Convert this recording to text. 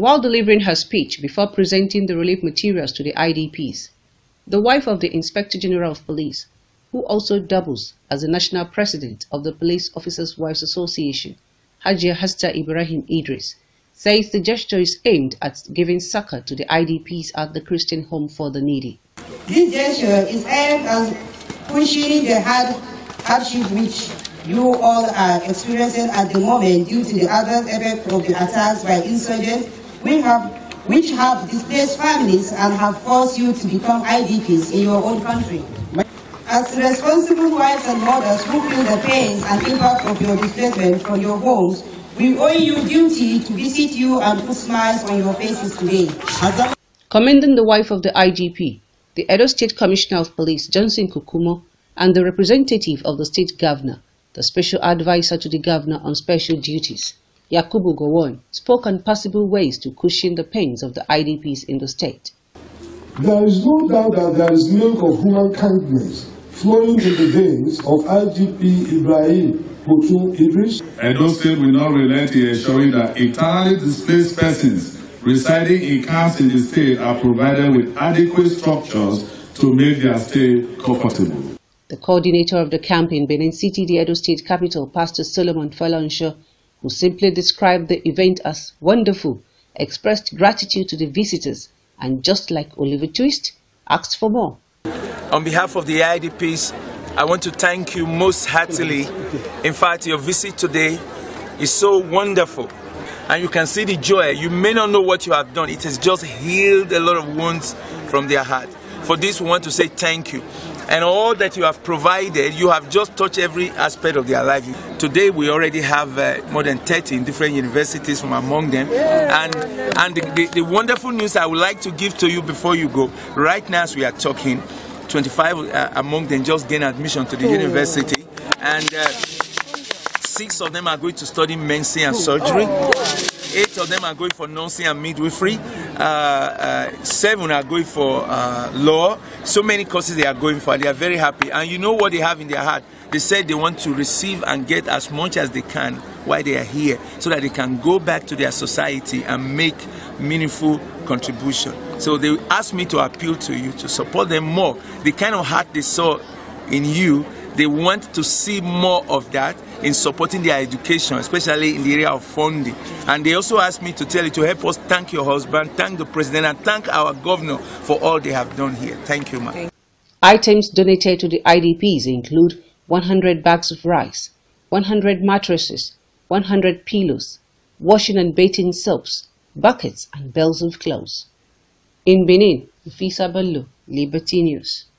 While delivering her speech before presenting the relief materials to the IDPs, the wife of the Inspector General of Police, who also doubles as the national president of the Police Officers' Wives Association, Hajia Hasta Ibrahim Idris, says the gesture is aimed at giving succor to the IDPs at the Christian Home for the Needy. This gesture is aimed at pushing the hard hardship which you all are experiencing at the moment due to the adverse effect of the attacks by insurgents we have, which have displaced families and have forced you to become IDPs in your own country. As responsible wives and mothers who feel the pains and impact of your displacement from your homes, we owe you duty to visit you and put smiles on your faces today. Commending the wife of the IGP, the Edo State Commissioner of Police, Johnson Kukumo, and the representative of the state governor, the special advisor to the governor on special duties. Yakubu Gowon, spoke on possible ways to cushion the pains of the IDPs in the state. There is no doubt that there is milk of human kindness flowing in the veins of IGP Ibrahim Putu Idris. Edo State will not relent in ensuring that entirely displaced persons residing in camps in the state are provided with adequate structures to make their stay comfortable. The coordinator of the camp in Benin City, the Edo State capital, Pastor Solomon Falonsho, who simply described the event as wonderful, expressed gratitude to the visitors, and just like Oliver Twist, asked for more. On behalf of the IDPs, I want to thank you most heartily. In fact, your visit today is so wonderful. And you can see the joy. You may not know what you have done. It has just healed a lot of wounds from their heart. For this, we want to say thank you and all that you have provided, you have just touched every aspect of their life. Today, we already have uh, more than 30 in different universities from among them. Yeah. And, and the, the, the wonderful news I would like to give to you before you go, right now as we are talking, 25 uh, among them just gained admission to the oh. university. And uh, six of them are going to study medicine and surgery. Oh. Eight of them are going for nursing and midwifery. Uh, uh, seven are going for uh, law. So many courses they are going for. They are very happy. And you know what they have in their heart? They said they want to receive and get as much as they can while they are here so that they can go back to their society and make meaningful contribution. So they asked me to appeal to you to support them more. The kind of heart they saw in you, they want to see more of that in supporting their education, especially in the area of funding. And they also asked me to tell you to help us thank your husband, thank the president, and thank our governor for all they have done here. Thank you, ma'am. Items donated to the IDPs include 100 bags of rice, 100 mattresses, 100 pillows, washing and bathing soaps, buckets, and bells of clothes. In Benin, Fisa Bello, Liberty News.